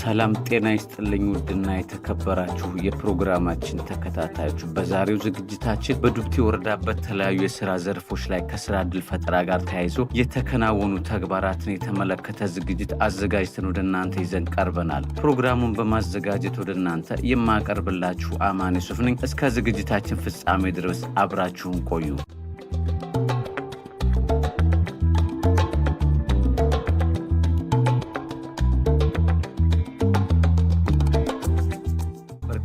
ሰላም ጤና ይስጥልኝ። ውድና የተከበራችሁ የፕሮግራማችን ተከታታዮች፣ በዛሬው ዝግጅታችን በዱብቲ ወረዳ በተለያዩ የስራ ዘርፎች ላይ ከስራ እድል ፈጠራ ጋር ተያይዞ የተከናወኑ ተግባራትን የተመለከተ ዝግጅት አዘጋጅተን ወደ እናንተ ይዘን ቀርበናል። ፕሮግራሙን በማዘጋጀት ወደ እናንተ የማቀርብላችሁ አማን ሱፍ ነኝ። እስከ ዝግጅታችን ፍጻሜ ድረስ አብራችሁን ቆዩ።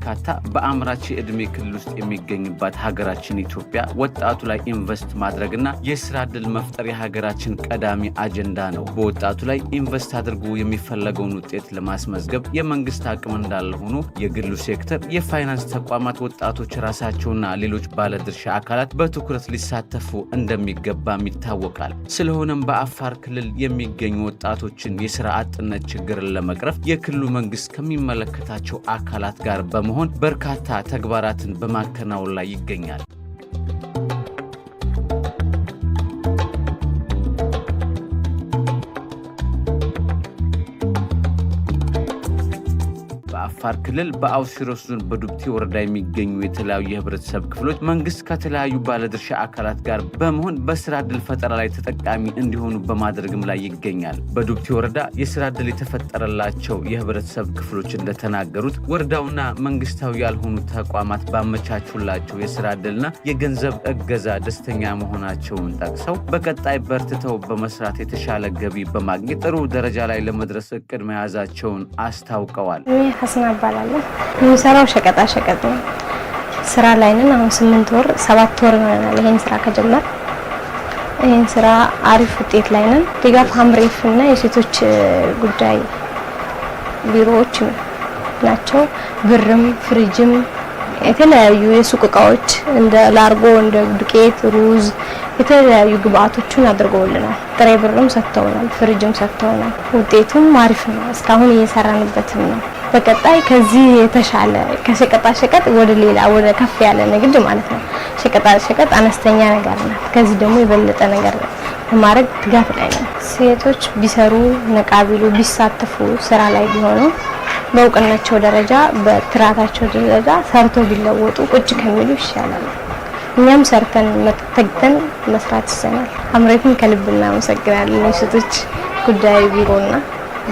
በርካታ በአምራች የዕድሜ ክልል ውስጥ የሚገኝባት ሀገራችን ኢትዮጵያ ወጣቱ ላይ ኢንቨስት ማድረግና የስራ ዕድል መፍጠር የሀገራችን ቀዳሚ አጀንዳ ነው። በወጣቱ ላይ ኢንቨስት አድርጎ የሚፈለገውን ውጤት ለማስመዝገብ የመንግስት አቅም እንዳለ ሆኖ የግሉ ሴክተር፣ የፋይናንስ ተቋማት፣ ወጣቶች ራሳቸውና ሌሎች ባለድርሻ አካላት በትኩረት ሊሳተፉ እንደሚገባም ይታወቃል። ስለሆነም በአፋር ክልል የሚገኙ ወጣቶችን የስራ አጥነት ችግርን ለመቅረፍ የክልሉ መንግስት ከሚመለከታቸው አካላት ጋር በመሆን በመሆን በርካታ ተግባራትን በማከናወን ላይ ይገኛል። በአፋር ክልል በአውሲሮስ ዞን በዱብቲ ወረዳ የሚገኙ የተለያዩ የህብረተሰብ ክፍሎች መንግስት ከተለያዩ ባለድርሻ አካላት ጋር በመሆን በስራ ድል ፈጠራ ላይ ተጠቃሚ እንዲሆኑ በማድረግም ላይ ይገኛል። በዱብቲ ወረዳ የስራ ድል የተፈጠረላቸው የህብረተሰብ ክፍሎች እንደተናገሩት ወረዳውና መንግስታዊ ያልሆኑ ተቋማት ባመቻቹላቸው የስራ ድልና የገንዘብ እገዛ ደስተኛ መሆናቸውን ጠቅሰው በቀጣይ በርትተው በመስራት የተሻለ ገቢ በማግኘት ጥሩ ደረጃ ላይ ለመድረስ እቅድ መያዛቸውን አስታውቀዋል። እባላለሁ። የሚሰራው ሸቀጣ ሸቀጥ ነው። ስራ ላይ ነን። አሁን ስምንት ወር ሰባት ወር ይሆናል ይሄን ስራ ከጀመር ይህን ስራ አሪፍ ውጤት ላይ ነን። ድጋፍ ሀምሬፍ እና የሴቶች ጉዳይ ቢሮዎች ናቸው። ብርም ፍሪጅም የተለያዩ የሱቅ እቃዎች እንደ ላርጎ፣ እንደ ዱቄት፣ ሩዝ የተለያዩ ግብአቶችን አድርገውልናል። ጥሬ ብርም ሰጥተውናል። ፍሪጅም ሰጥተውናል። ውጤቱም አሪፍ ነው። እስካሁን እየሰራንበትም ነው። በቀጣይ ከዚህ የተሻለ ከሸቀጣ ሸቀጥ ወደ ሌላ ወደ ከፍ ያለ ንግድ ማለት ነው። ሸቀጣ ሸቀጥ አነስተኛ ነገር ናት። ከዚህ ደግሞ የበለጠ ነገር ለማድረግ ትጋት ላይ ነው። ሴቶች ቢሰሩ ነቃ ቢሉ ቢሳተፉ ስራ ላይ ቢሆኑ በእውቅናቸው ደረጃ በትራታቸው ደረጃ ሰርቶ ቢለወጡ ቁጭ ከሚሉ ይሻላል። እኛም ሰርተን ተግተን መስራት ይሰናል። አምሬትን ከልብ እናመሰግናለን። የሴቶች ጉዳይ ቢሮና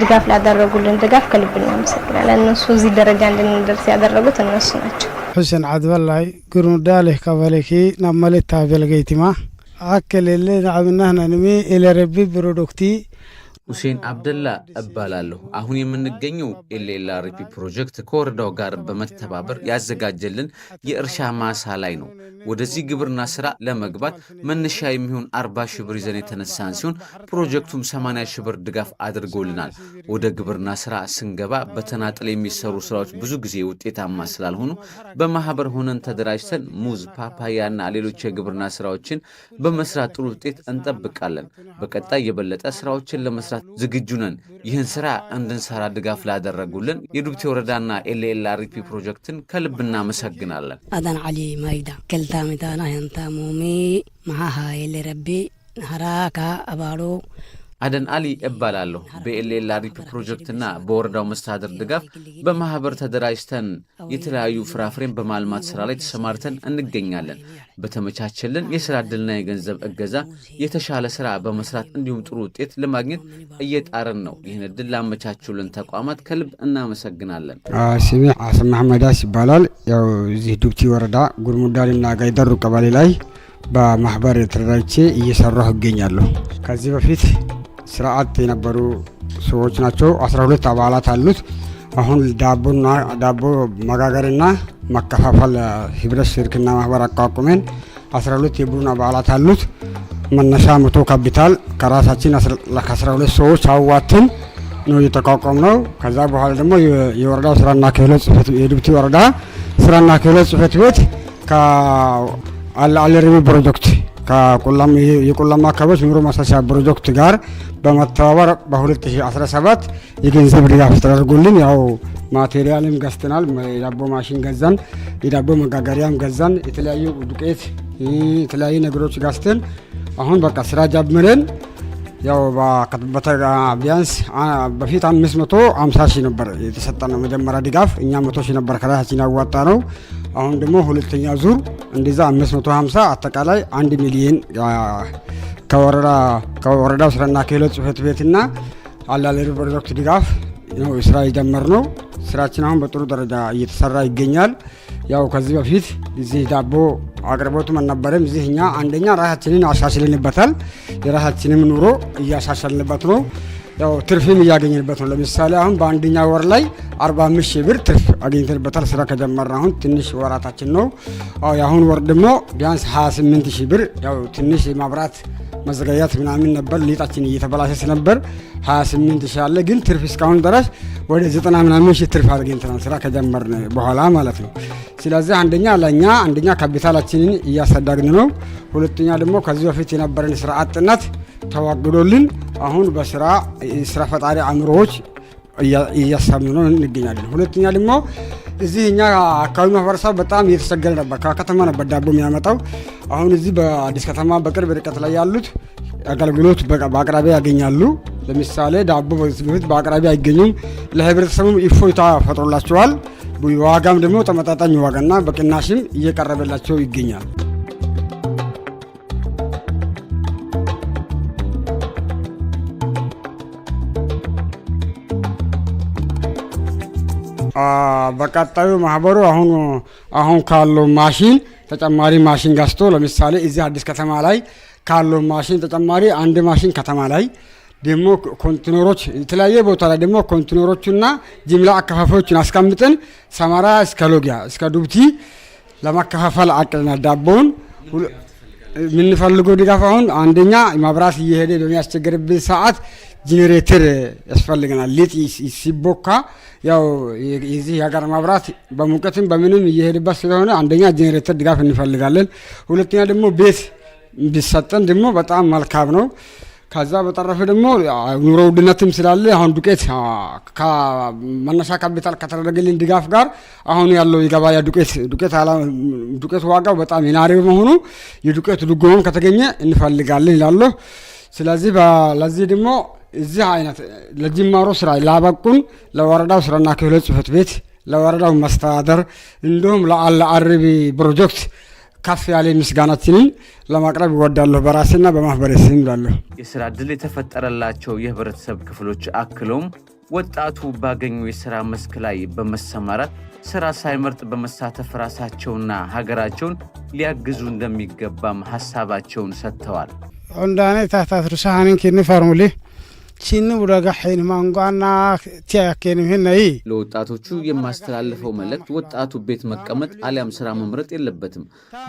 ድጋፍ ላደረጉልን ድጋፍ ከልብ እናመሰግናለን። እነሱ እዚህ ደረጃ እንድንደርስ ያደረጉት እነሱ ናቸው። ሑሴን ዓድበላይ ግሩዳሌህ ከበለኪ ናብ መሌታ ቤልገይቲማ አከሌሌ ንዓብናህናንሚ ኢለረቢ ብሮዶክቲ ሁሴን አብደላ እባላለሁ። አሁን የምንገኘው ሪፒ ፕሮጀክት ከወረዳው ጋር በመተባበር ያዘጋጀልን የእርሻ ማሳ ላይ ነው። ወደዚህ ግብርና ስራ ለመግባት መነሻ የሚሆን አርባ ሺህ ብር ይዘን የተነሳን ሲሆን ፕሮጀክቱም 80 ሺህ ብር ድጋፍ አድርጎልናል። ወደ ግብርና ስራ ስንገባ በተናጥል የሚሰሩ ስራዎች ብዙ ጊዜ ውጤታማ ስላልሆኑ በማህበር ሆነን ተደራጅተን ሙዝ፣ ፓፓያና ሌሎች የግብርና ስራዎችን በመስራት ጥሩ ውጤት እንጠብቃለን። በቀጣይ የበለጠ ስራዎችን ለመስራት ለመሳተፍ ዝግጁ ነን። ይህን ስራ እንድንሰራ ድጋፍ ላደረጉልን የዱብቲ ወረዳና ኤልኤልአርፒ ፕሮጀክትን ከልብ እናመሰግናለን። አዳን ዓሊ ማይዳ ከልታ አያንታ ያንታሞሜ መሀሀ የሌረቤ ሀራካ አባሎ አደን አሊ እባላለሁ። በኤልኤል አሪፕ ፕሮጀክትና በወረዳው መስተዳደር ድጋፍ በማህበር ተደራጅተን የተለያዩ ፍራፍሬን በማልማት ስራ ላይ ተሰማርተን እንገኛለን። በተመቻቸልን የስራ እድልና የገንዘብ እገዛ የተሻለ ስራ በመስራት እንዲሁም ጥሩ ውጤት ለማግኘት እየጣርን ነው። ይህን ዕድል ላመቻቹልን ተቋማት ከልብ እናመሰግናለን። ስሜ አሰማ አህመዳስ ይባላል። ያው እዚህ ዱብቲ ወረዳ ጉርሙዳልና ጋይደሩ ቀበሌ ላይ በማህበር ተደራጅቼ እየሰራሁ እገኛለሁ። ከዚህ በፊት ስርዓት የነበሩ ሰዎች ናቸው። 12 አባላት አሉት። አሁን ዳቦና ዳቦ መጋገርና ማከፋፈል ህብረት ስርክና ማህበር አቋቁመን 12 የቡድን አባላት አሉት። መነሻ መቶ ካፒታል ከራሳችን ከ12 ሰዎች አዋትን ነው እየተቋቋም ነው። ከዛ በኋላ ደግሞ የወረዳው ስራና ክህሎት ጽህፈት የድብቲ ወረዳ ስራና ክህሎት ጽህፈት ቤት ከአለሪሚ ፕሮጀክት የቆላማ አካባቢዎች ኑሮ ማሻሻያ ፕሮጀክት ጋር በመተባበር በ2017 የገንዘብ ድጋፍ ተደርጎልን ያው ማቴሪያልም ገዝተናል። የዳቦ ማሽን ገዛን፣ የዳቦ መጋገሪያም ገዛን፣ የተለያዩ ዱቄት የተለያዩ ነገሮች ገዝተን አሁን በቃ ስራ ጀምረን ያው ቢያንስ በፊት አምስት መቶ አምሳ ሺህ ነበር የተሰጠነው መጀመሪያ ድጋፍ እኛ መቶ ሺህ ነበር ከራሳችን ያዋጣ ነው። አሁን ደግሞ ሁለተኛ ዙር እንደዛ አምስት መቶ ሀምሳ አጠቃላይ አንድ ሚሊየን ከወረዳው ስራና ክህሎት ጽህፈት ቤትና አላለሪ ፕሮጀክት ድጋፍ ነው ስራ የጀመርነው። ስራችን አሁን በጥሩ ደረጃ እየተሰራ ይገኛል። ያው ከዚህ በፊት እዚህ ዳቦ አቅርቦቱ አልነበረም። እዚህ እኛ አንደኛ ራሳችንን አሻሽልንበታል። የራሳችንም ኑሮ እያሻሻልንበት ነው። ያው ትርፍም እያገኘንበት ነው። ለምሳሌ አሁን በአንደኛ ወር ላይ 45 ሺህ ብር ትርፍ አግኝተንበታል። ስራ ከጀመረ አሁን ትንሽ ወራታችን ነው። የአሁን ወር ደግሞ ቢያንስ 28 ሺህ ብር ያው ትንሽ የማብራት መዘጋጃት ምናምን ነበር። ሊጣችን እየተበላሸ ስለነበር 28 ሺ አለ ግን ትርፍ እስካሁን ድረስ ወደ 90 ምናምን ሺ ትርፍ አድርገን ስራ ከጀመርን በኋላ ማለት ነው። ስለዚህ አንደኛ ለእኛ አንደኛ ካፒታላችንን እያሳደግን ነው። ሁለተኛ ደግሞ ከዚህ በፊት የነበረን ስራ አጥነት ተዋግዶልን አሁን በስራ ስራ ፈጣሪ አእምሮዎች እያሳምነን እንገኛለን። ሁለተኛ ደግሞ እዚህ እኛ አካባቢ ማህበረሰብ በጣም እየተቸገረ ነበር። ከከተማ ነበር ዳቦ የሚያመጣው። አሁን እዚህ በአዲስ ከተማ በቅርብ ርቀት ላይ ያሉት አገልግሎት በአቅራቢያ ያገኛሉ። ለምሳሌ ዳቦ በፊት በአቅራቢያ አይገኙም። ለህብረተሰቡም እፎይታ ፈጥሮላቸዋል። ዋጋም ደግሞ ተመጣጣኝ ዋጋና በቅናሽም እየቀረበላቸው ይገኛል። በቀጣዩ ማህበሩ አሁን አሁን ካለው ማሽን ተጨማሪ ማሽን ገዝቶ ለምሳሌ እዚህ አዲስ ከተማ ላይ ካለው ማሽን ተጨማሪ አንድ ማሽን ከተማ ላይ ደግሞ ኮንቲነሮች የተለያየ ቦታ ላይ ደግሞ ኮንቲነሮቹና ጅምላ አከፋፋዮችን አስቀምጠን ሰማራ እስከ ሎጊያ እስከ ዱብቲ ለማከፋፈል አቅድና ዳቦውን የምንፈልገው ድጋፍ አሁን አንደኛ መብራት እየሄደ በሚያስቸግርብን ሰዓት ጄኔሬተር ያስፈልገናል። ሊጥ ሲቦካ ያው የዚህ የሀገር መብራት በሙቀትም በምንም እየሄድበት ስለሆነ አንደኛ ጄኔሬተር ድጋፍ እንፈልጋለን። ሁለተኛ ደግሞ ቤት ቢሰጠን ደግሞ በጣም መልካም ነው። ከዛ በተረፈ ደግሞ ኑሮ ውድነትም ስላለ አሁን ዱቄት መነሻ ካፒታል ከተደረገልን ድጋፍ ጋር አሁን ያለው የገበያ ዱቄት ዱቄት ዋጋው በጣም የናረ በመሆኑ የዱቄት ድጎማም ከተገኘ እንፈልጋለን ይላሉ። ስለዚህ ለዚህ ደግሞ እዚህ አይነት ለጅማሮ ስራ ላበቁን ለወረዳው ስራና ክህሎት ጽሕፈት ቤት፣ ለወረዳው መስተዳደር እንዲሁም ለአርቢ ፕሮጀክት ከፍ ያለ ምስጋናችንን ለማቅረብ ይወዳለሁ። በራሴና በማህበሬ ስም የስራ እድል የተፈጠረላቸው የህብረተሰብ ክፍሎች አክለውም ወጣቱ ባገኙ የስራ መስክ ላይ በመሰማራት ስራ ሳይመርጥ በመሳተፍ ራሳቸውና ሀገራቸውን ሊያግዙ እንደሚገባም ሀሳባቸውን ሰጥተዋል። እንዳኔ ታህታት ርሳሃንን ኪኒ ለወጣቶቹ የማስተላልፈው መልእክት ወጣቱ ቤት መቀመጥ አሊያም ስራ መምረጥ የለበትም።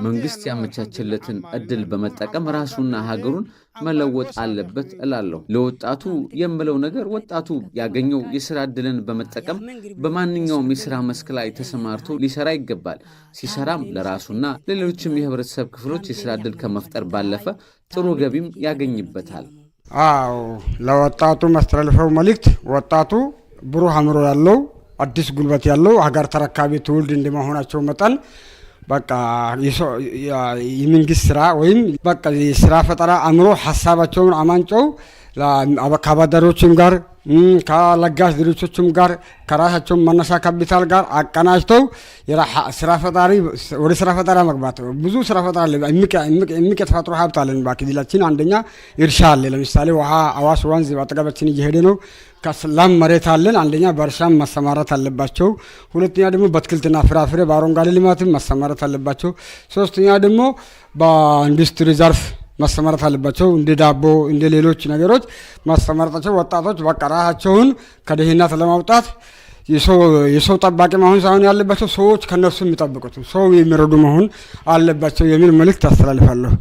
መንግስት ያመቻችለትን እድል በመጠቀም ራሱና ሀገሩን መለወጥ አለበት እላለሁ። ለወጣቱ የምለው ነገር ወጣቱ ያገኘው የስራ እድልን በመጠቀም በማንኛውም የስራ መስክ ላይ ተሰማርቶ ሊሰራ ይገባል። ሲሰራም ለራሱና ለሌሎችም የህብረተሰብ ክፍሎች የስራ እድል ከመፍጠር ባለፈ ጥሩ ገቢም ያገኝበታል። አዎ ለወጣቱ ማስተላልፈው መልእክት ወጣቱ ብሩህ አእምሮ ያለው አዲስ ጉልበት ያለው ሀገር ተረካቢ ትውልድ እንደመሆናቸው መጠን በቃ የመንግስት ስራ ወይም በቃ የስራ ፈጠራ አእምሮ ሀሳባቸውን አማንጨው ከአበዳሪዎችም ጋር ከለጋሽ ድርጅቶችም ጋር ከራሳቸው መነሻ ካፒታል ጋር አቀናጅተው ስራ ፈጣሪ ወደ ስራ ፈጣሪ መግባት ብዙ ስራ ፈጣሪ የተፈጥሮ ሀብት አለን በክልላችን። አንደኛ እርሻ አለ። ለምሳሌ ውሃ አዋሽ ወንዝ አጠገባችን እየሄደ ነው። ከስላም መሬት አለን። አንደኛ በእርሻም መሰማራት አለባቸው። ሁለተኛ ደግሞ በአትክልትና ፍራፍሬ በአረንጓዴ ልማትም መሰማራት አለባቸው። ሶስተኛ ደግሞ በኢንዱስትሪ ዘርፍ ማስተማረት አለባቸው። እንደ ዳቦ እንደ ሌሎች ነገሮች ማስተማረታቸው ወጣቶች በቃ ራሳቸውን ከድህነት ለማውጣት የሰው ጠባቂ መሆን ሳይሆን ያለባቸው ሰዎች ከነሱ የሚጠብቁት ሰው የሚረዱ መሆን አለባቸው የሚል መልእክት አስተላልፋለሁ።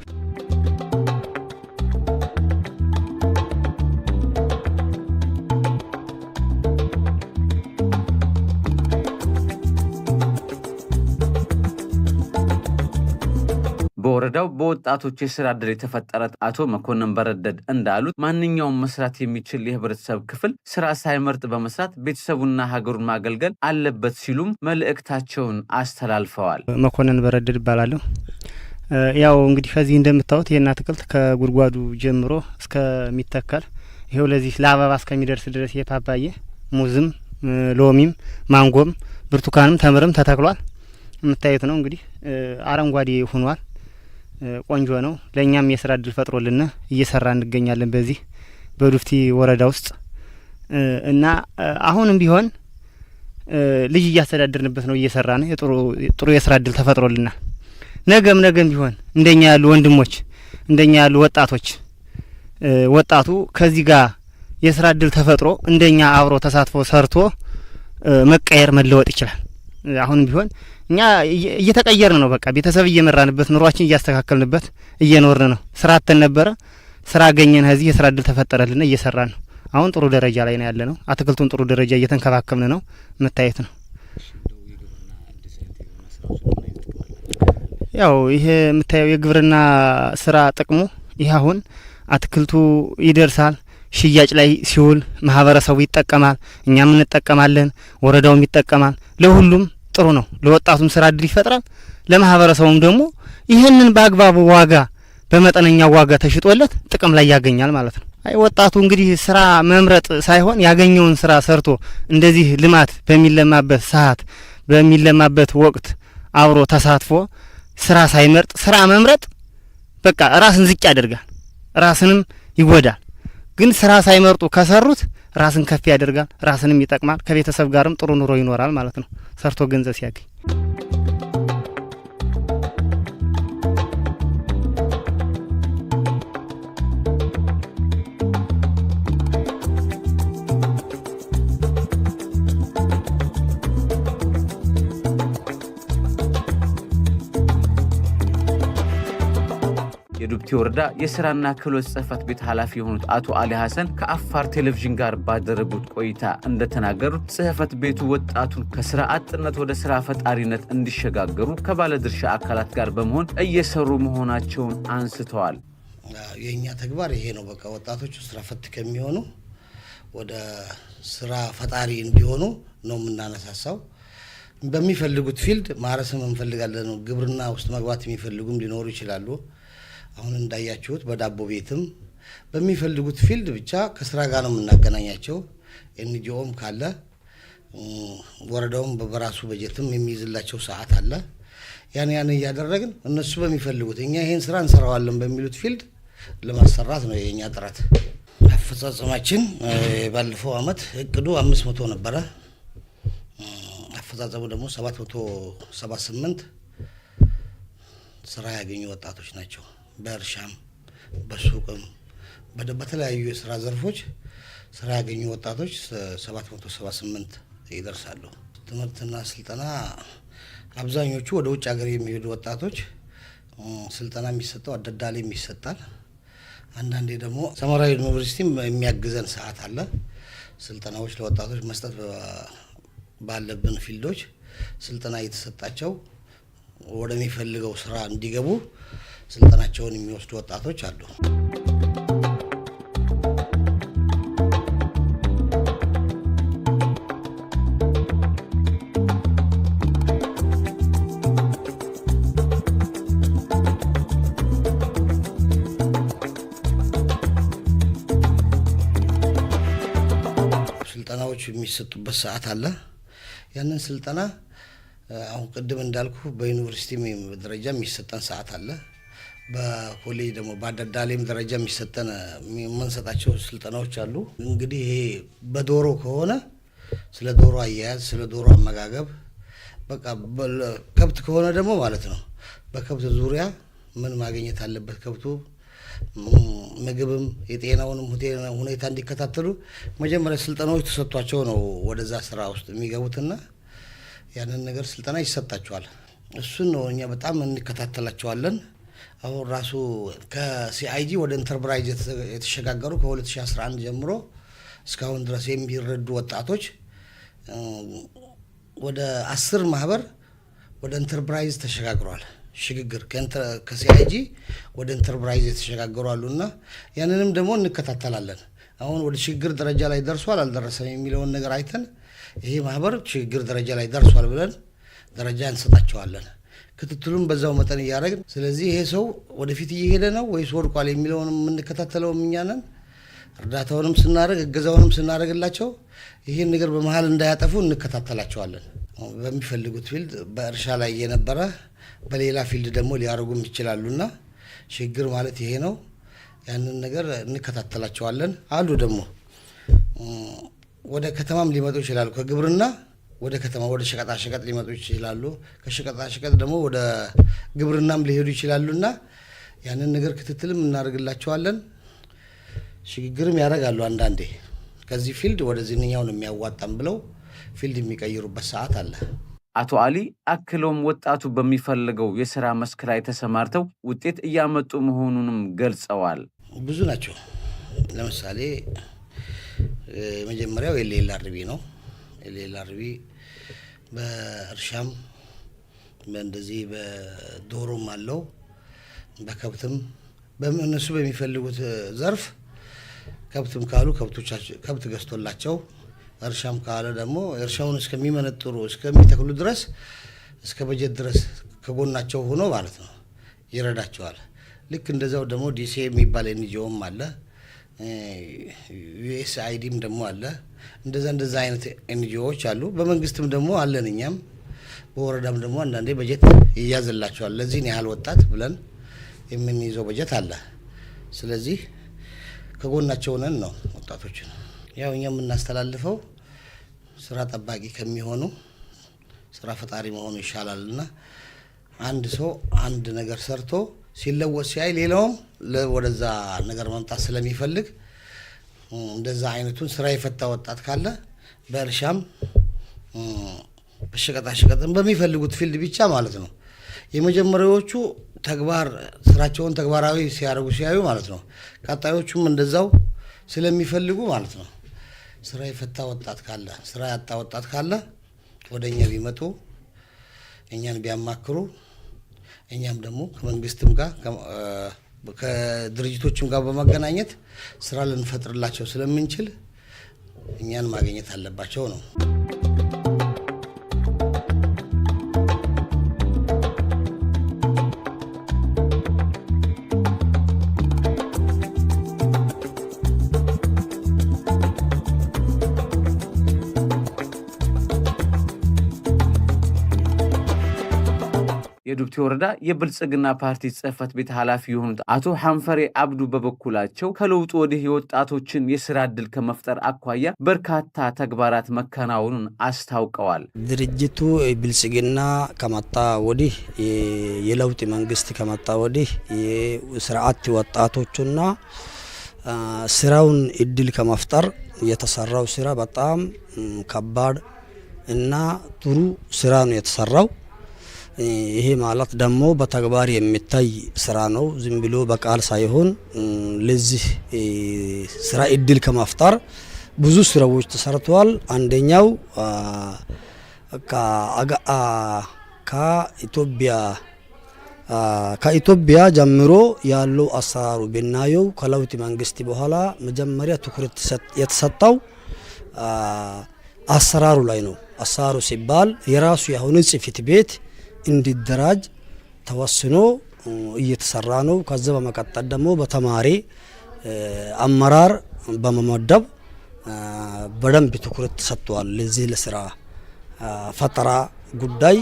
ወረዳው በወጣቶች የስራ ድር የተፈጠረ አቶ መኮንን በረደድ እንዳሉት ማንኛውም መስራት የሚችል የህብረተሰብ ክፍል ስራ ሳይመርጥ በመስራት ቤተሰቡና ሀገሩን ማገልገል አለበት ሲሉም መልእክታቸውን አስተላልፈዋል። መኮንን በረደድ እባላለሁ። ያው እንግዲህ ከዚህ እንደምታዩት ይህን አትክልት ከጉድጓዱ ጀምሮ እስከሚተከል ይኸው ለዚህ ለአበባ እስከሚደርስ ድረስ የፓፓዬ ሙዝም፣ ሎሚም፣ ማንጎም፣ ብርቱካንም ተምርም ተተክሏል። የምታዩት ነው እንግዲህ አረንጓዴ ሆኗል። ቆንጆ ነው። ለእኛም የስራ እድል ፈጥሮልን እየሰራ እንገኛለን በዚህ በዱፍቲ ወረዳ ውስጥ እና አሁንም ቢሆን ልጅ እያስተዳደርንበት ነው እየሰራ ነው። ጥሩ የስራ እድል ተፈጥሮልናል። ነገም ነገም ቢሆን እንደኛ ያሉ ወንድሞች እንደኛ ያሉ ወጣቶች ወጣቱ ከዚህ ጋር የስራ እድል ተፈጥሮ እንደኛ አብሮ ተሳትፎ ሰርቶ መቀየር መለወጥ ይችላል። አሁንም ቢሆን እኛ እየተቀየርን ነው። በቃ ቤተሰብ እየመራንበት ኑሯችን እያስተካከልንበት እየኖርን ነው። ስራ አተን ነበረ፣ ስራ አገኘን። ከዚህ የስራ እድል ተፈጠረልን፣ እየሰራን ነው። አሁን ጥሩ ደረጃ ላይ ነው ያለ ነው። አትክልቱን ጥሩ ደረጃ እየተንከባከብን ነው። መታየት ነው። ያው ይሄ የምታየው የግብርና ስራ ጥቅሙ ይህ አሁን አትክልቱ ይደርሳል ሽያጭ ላይ ሲውል ማህበረሰቡ ይጠቀማል፣ እኛም እንጠቀማለን፣ ወረዳውም ይጠቀማል። ለሁሉም ጥሩ ነው። ለወጣቱም ስራ እድል ይፈጥራል። ለማህበረሰቡም ደግሞ ይህንን በአግባቡ ዋጋ በመጠነኛ ዋጋ ተሽጦለት ጥቅም ላይ ያገኛል ማለት ነው። አይ ወጣቱ እንግዲህ ስራ መምረጥ ሳይሆን ያገኘውን ስራ ሰርቶ እንደዚህ ልማት በሚለማበት ሰዓት በሚለማበት ወቅት አብሮ ተሳትፎ ስራ ሳይመርጥ ስራ መምረጥ በቃ ራስን ዝቅ ያደርጋል፣ ራስንም ይጎዳል። ግን ስራ ሳይመርጡ ከሰሩት ራስን ከፍ ያደርጋል፣ ራስንም ይጠቅማል፣ ከቤተሰብ ጋርም ጥሩ ኑሮ ይኖራል ማለት ነው ሰርቶ ገንዘብ ሲያገኝ የዱብቲ ወረዳ የስራና ክህሎት ጽህፈት ቤት ኃላፊ የሆኑት አቶ አሊ ሐሰን ከአፋር ቴሌቪዥን ጋር ባደረጉት ቆይታ እንደተናገሩት ጽህፈት ቤቱ ወጣቱን ከስራ አጥነት ወደ ስራ ፈጣሪነት እንዲሸጋገሩ ከባለድርሻ አካላት ጋር በመሆን እየሰሩ መሆናቸውን አንስተዋል። የእኛ ተግባር ይሄ ነው። በቃ ወጣቶቹ ስራ ፈት ከሚሆኑ ወደ ስራ ፈጣሪ እንዲሆኑ ነው የምናነሳሳው። በሚፈልጉት ፊልድ ማረስም እንፈልጋለን። ግብርና ውስጥ መግባት የሚፈልጉም ሊኖሩ ይችላሉ። አሁን እንዳያችሁት በዳቦ ቤትም በሚፈልጉት ፊልድ ብቻ ከስራ ጋር ነው የምናገናኛቸው። ኤንጂኦም ካለ ወረዳውም በራሱ በጀትም የሚይዝላቸው ሰዓት አለ። ያን ያን እያደረግን እነሱ በሚፈልጉት እኛ ይህን ስራ እንሰራዋለን በሚሉት ፊልድ ለማሰራት ነው የኛ ጥረት። አፈጻጸማችን ባለፈው አመት እቅዱ አምስት መቶ ነበረ። አፈጻጸሙ ደግሞ ሰባት መቶ ሰባ ስምንት ስራ ያገኙ ወጣቶች ናቸው። በእርሻም በሱቅም በተለያዩ የስራ ዘርፎች ስራ ያገኙ ወጣቶች 778 ይደርሳሉ። ትምህርትና ስልጠና አብዛኞቹ ወደ ውጭ ሀገር የሚሄዱ ወጣቶች ስልጠና የሚሰጠው አደዳሌ ይሰጣል። አንዳንዴ ደግሞ ሰመራ ዩኒቨርሲቲም የሚያግዘን ሰዓት አለ። ስልጠናዎች ለወጣቶች መስጠት ባለብን ፊልዶች ስልጠና እየተሰጣቸው ወደሚፈልገው ስራ እንዲገቡ ስልጠናቸውን የሚወስዱ ወጣቶች አሉ። ስልጠናዎች የሚሰጡበት ሰዓት አለ። ያንን ስልጠና አሁን ቅድም እንዳልኩ በዩኒቨርሲቲ ደረጃ የሚሰጠን ሰዓት አለ። በኮሌጅ ደግሞ በአዳዳሌም ደረጃ የሚሰጠን የምንሰጣቸው ስልጠናዎች አሉ። እንግዲህ ይሄ በዶሮ ከሆነ ስለ ዶሮ አያያዝ፣ ስለ ዶሮ አመጋገብ፣ በቃ ከብት ከሆነ ደግሞ ማለት ነው በከብት ዙሪያ ምን ማግኘት አለበት ከብቱ ምግብም የጤናውንም ሁኔታ እንዲከታተሉ መጀመሪያ ስልጠናዎች ተሰጥቷቸው ነው ወደዛ ስራ ውስጥ የሚገቡትና ያንን ነገር ስልጠና ይሰጣቸዋል። እሱን ነው እኛ በጣም እንከታተላቸዋለን። አሁን ራሱ ከሲአይጂ ወደ ኢንተርፕራይዝ የተሸጋገሩ ከ2011 ጀምሮ እስካሁን ድረስ የሚረዱ ወጣቶች ወደ አስር ማህበር ወደ ኢንተርፕራይዝ ተሸጋግሯል። ሽግግር ከሲአይጂ ወደ ኢንተርፕራይዝ የተሸጋገሩ አሉና ያንንም ደግሞ እንከታተላለን። አሁን ወደ ሽግግር ደረጃ ላይ ደርሷል አልደረሰም የሚለውን ነገር አይተን ይሄ ማህበር ሽግግር ደረጃ ላይ ደርሷል ብለን ደረጃ እንሰጣቸዋለን። ክትትሉን በዛው መጠን እያደረግን፣ ስለዚህ ይሄ ሰው ወደፊት እየሄደ ነው ወይስ ወድቋል የሚለውን የምንከታተለው እኛ ነን። እርዳታውንም ስናደርግ እገዛውንም ስናደርግላቸው ይህን ነገር በመሀል እንዳያጠፉ እንከታተላቸዋለን። በሚፈልጉት ፊልድ በእርሻ ላይ የነበረ በሌላ ፊልድ ደግሞ ሊያደርጉም ይችላሉና ችግር ማለት ይሄ ነው። ያንን ነገር እንከታተላቸዋለን። አሉ ደግሞ ወደ ከተማም ሊመጡ ይችላሉ ከግብርና ወደ ከተማ ወደ ሸቀጣሸቀጥ ሊመጡ ይችላሉ። ከሸቀጣሸቀጥ ደግሞ ወደ ግብርናም ሊሄዱ ይችላሉ እና ያንን ነገር ክትትልም እናደርግላቸዋለን። ሽግግርም ያደርጋሉ። አንዳንዴ ከዚህ ፊልድ ወደዚህኛው የሚያዋጣም ብለው ፊልድ የሚቀይሩበት ሰዓት አለ። አቶ አሊ አክለውም ወጣቱ በሚፈልገው የስራ መስክ ላይ ተሰማርተው ውጤት እያመጡ መሆኑንም ገልጸዋል። ብዙ ናቸው። ለምሳሌ መጀመሪያው የሌላ አርቢ ነው ሌላ አርቢ በእርሻም እንደዚህ በዶሮም አለው በከብትም እነሱ በሚፈልጉት ዘርፍ ከብትም ካሉ ከብት ገዝቶላቸው እርሻም ካለ ደግሞ እርሻውን እስከሚመነጥሩ እስከሚተክሉ ድረስ እስከ በጀት ድረስ ከጎናቸው ሆኖ ማለት ነው ይረዳቸዋል። ልክ እንደዛው ደግሞ ዲሴ የሚባል ኤንጂኦም አለ። ዩኤስአይዲም ደግሞ አለ። እንደዛ እንደዛ አይነት ኤንጂኦዎች አሉ። በመንግስትም ደግሞ አለን እኛም በወረዳም ደግሞ አንዳንዴ በጀት ይያዝላቸዋል። ለዚህን ያህል ወጣት ብለን የምንይዘው በጀት አለ። ስለዚህ ከጎናቸው ሆነን ነው ወጣቶችን ያው እኛ የምናስተላልፈው ስራ ጠባቂ ከሚሆኑ ስራ ፈጣሪ መሆኑ ይሻላል እና አንድ ሰው አንድ ነገር ሰርቶ ሲለወጥ ሲያይ ሌላውም ወደዛ ነገር መምጣት ስለሚፈልግ እንደዛ አይነቱን ስራ የፈታ ወጣት ካለ በእርሻም በሸቀጣሸቀጥም በሚፈልጉት ፊልድ ብቻ ማለት ነው። የመጀመሪያዎቹ ተግባር ስራቸውን ተግባራዊ ሲያደርጉ ሲያዩ ማለት ነው። ቀጣዮቹም እንደዛው ስለሚፈልጉ ማለት ነው። ስራ የፈታ ወጣት ካለ ስራ ያጣ ወጣት ካለ ወደ እኛ ቢመጡ እኛን ቢያማክሩ እኛም ደግሞ ከመንግስትም ጋር ከድርጅቶችም ጋር በማገናኘት ስራ ልንፈጥርላቸው ስለምንችል እኛን ማግኘት አለባቸው ነው። የዱብቲ ወረዳ የብልጽግና ፓርቲ ጽህፈት ቤት ኃላፊ የሆኑት አቶ ሐንፈሬ አብዱ በበኩላቸው ከለውጡ ወዲህ የወጣቶችን የስራ እድል ከመፍጠር አኳያ በርካታ ተግባራት መከናወኑን አስታውቀዋል። ድርጅቱ ብልጽግና ከመጣ ወዲህ የለውጥ መንግስት ከመጣ ወዲህ የስርአት ወጣቶቹና ስራውን እድል ከመፍጠር የተሰራው ስራ በጣም ከባድ እና ጥሩ ስራ ነው የተሰራው ይሄ ማለት ደግሞ በተግባር የሚታይ ስራ ነው። ዝም ብሎ በቃል ሳይሆን ለዚህ ስራ እድል ከማፍጠር ብዙ ስራዎች ተሰርተዋል። አንደኛው ከኢትዮጵያ ከኢትዮጵያ ጀምሮ ያለው አሰራሩ ብናየው ከለውጥ መንግስት በኋላ መጀመሪያ ትኩረት የተሰጠው አሰራሩ ላይ ነው። አሰራሩ ሲባል የራሱ የሆነ ጽሕፈት ቤት እንዲደራጅ ተወስኖ እየተሰራ ነው። ከዚ በመቀጠል ደግሞ በተማሪ አመራር በመመደብ በደንብ ትኩረት ተሰጥቷል። ለዚህ ለስራ ፈጠራ ጉዳይ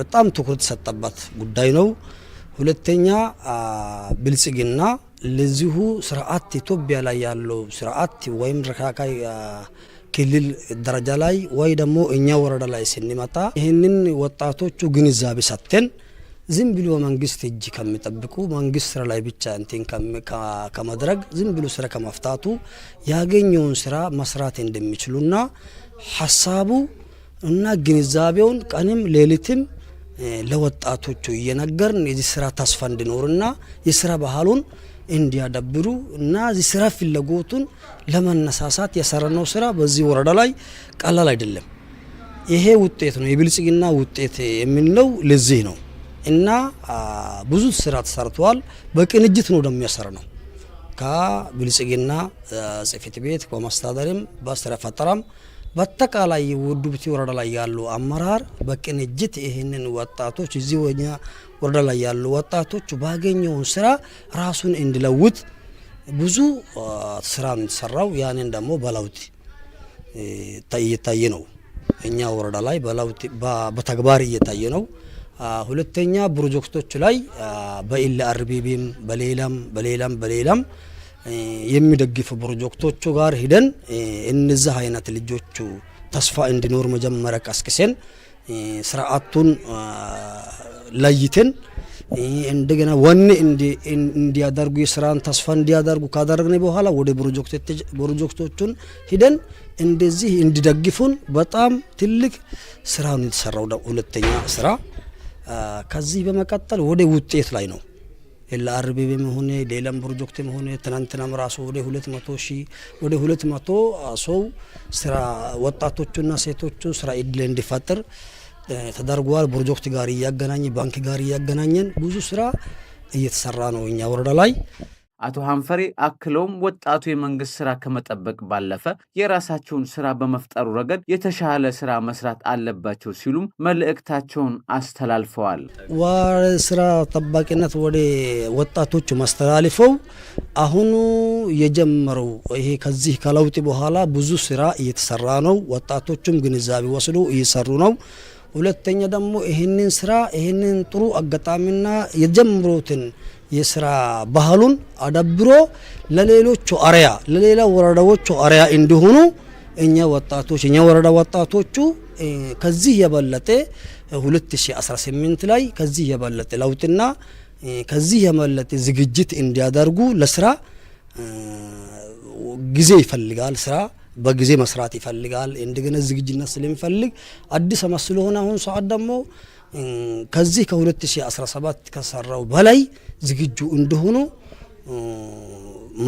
በጣም ትኩረት ተሰጠበት ጉዳይ ነው። ሁለተኛ ብልጽግና ለዚሁ ስርዓት ኢትዮጵያ ላይ ያለው ስርዓት ወይም ረካካይ ክልል ደረጃ ላይ ወይ ደግሞ እኛ ወረዳ ላይ ስንመጣ ይህንን ወጣቶቹ ግንዛቤ ሰጥተን ዝም ብሎ መንግስት እጅ ከሚጠብቁ መንግስት ስራ ላይ ብቻ እንትን ከመድረግ ዝም ብሎ ስራ ከመፍታቱ ያገኘውን ስራ መስራት እንደሚችሉና ሀሳቡ እና ግንዛቤውን ቀንም ሌሊትም ለወጣቶቹ እየነገርን የዚህ ስራ ተስፋ እንዲኖርና የስራ ባህሉን እንዲያዳብሩ እና እዚህ ስራ ፍላጎቱን ለመነሳሳት የሰራነው ስራ በዚህ ወረዳ ላይ ቀላል አይደለም። ይሄ ውጤት ነው የብልጽግና ውጤት የምንለው ለዚህ ነው እና ብዙ ስራ ተሰርተዋል። በቅንጅት ነው ደሞ ደግሞ ነው ከብልጽግና ጽሕፈት ቤት በማስተዳደርም በስራ ፈጠራም በአጠቃላይ ውዱብቲ ወረዳ ላይ ያሉ አመራር በቅንጅት ይህንን ወጣቶች እዚህ ወኛ ወረዳ ላይ ያሉ ወጣቶች ባገኘውን ስራ ራሱን እንዲለውጥ ብዙ ስራ ሰራው። ያንን ደግሞ በለውጥ እየታየ ነው። እኛ ወረዳ ላይ በለውጥ በተግባር እየታየ ነው። ሁለተኛ ፕሮጀክቶች ላይ በኢላ አርቢቢም በሌላም በሌላም በሌላም የሚደግፉ ፕሮጀክቶቹ ጋር ሂደን እነዚህ አይነት ልጆቹ ተስፋ እንዲኖር መጀመሪያ ቀስቅሴን ስርዓቱን ለይትን እንደገና ወኔ እንዲያደርጉ የስራን ተስፋ እንዲያደርጉ ካደረግን በኋላ ወደ ፕሮጀክቶቹን ሂደን እንደዚህ እንዲደግፉን በጣም ትልቅ ስራውን የተሰራው ሁለተኛ ስራ። ከዚህ በመቀጠል ወደ ውጤት ላይ ነው። ለአርቢቤም ሆነ ሌላም ፕሮጀክትም ሆነ ትናንትናም ራሱ ወደ ሁለት መቶ ሺህ ወደ ሁለት መቶ ሰው ስራ ወጣቶቹና ሴቶቹ ስራ እድል እንዲፈጠር ተደርጓል። ፕሮጀክት ጋር እያገናኘ ባንክ ጋር እያገናኘን ብዙ ስራ እየተሰራ ነው እኛ ወረዳ ላይ አቶ ሀንፈሬ አክለውም ወጣቱ የመንግስት ስራ ከመጠበቅ ባለፈ የራሳቸውን ስራ በመፍጠሩ ረገድ የተሻለ ስራ መስራት አለባቸው ሲሉም መልእክታቸውን አስተላልፈዋል። ስራ ጠባቂነት ወደ ወጣቶቹ ማስተላልፈው አሁኑ የጀመረው ይሄ ከዚህ ከለውጥ በኋላ ብዙ ስራ እየተሰራ ነው። ወጣቶቹም ግንዛቤ ወስዶ እየሰሩ ነው። ሁለተኛ ደግሞ ይህንን ስራ ይህንን ጥሩ አጋጣሚና የጀምሩትን የስራ ባህሉን አዳብሮ ለሌሎቹ አርያ ለሌላ ወረዳዎቹ አርያ እንዲሆኑ እኛ ወጣቶች እኛ ወረዳ ወጣቶቹ ከዚህ የበለጠ 2018 ላይ ከዚህ የበለጠ ለውጥና ከዚህ የበለጠ ዝግጅት እንዲያደርጉ ለስራ ጊዜ ይፈልጋል። ስራ በጊዜ መስራት ይፈልጋል። እንደገና ዝግጅነት ስለሚፈልግ አዲስ አመት ስለሆነ አሁን ሰዓት ደግሞ ከዚህ ከ2017 ከሰራው በላይ ዝግጁ እንደሆኑ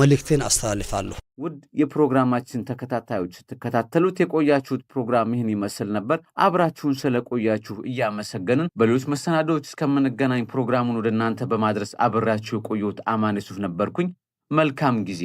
መልእክትን አስተላልፋለሁ። ውድ የፕሮግራማችን ተከታታዮች ስትከታተሉት የቆያችሁት ፕሮግራም ይህን ይመስል ነበር። አብራችሁን ስለቆያችሁ እያመሰገንን በሌሎች መሰናዶዎች እስከምንገናኝ ፕሮግራሙን ወደ እናንተ በማድረስ አብራችሁ የቆየሁት አማን ሱፍ ነበርኩኝ። መልካም ጊዜ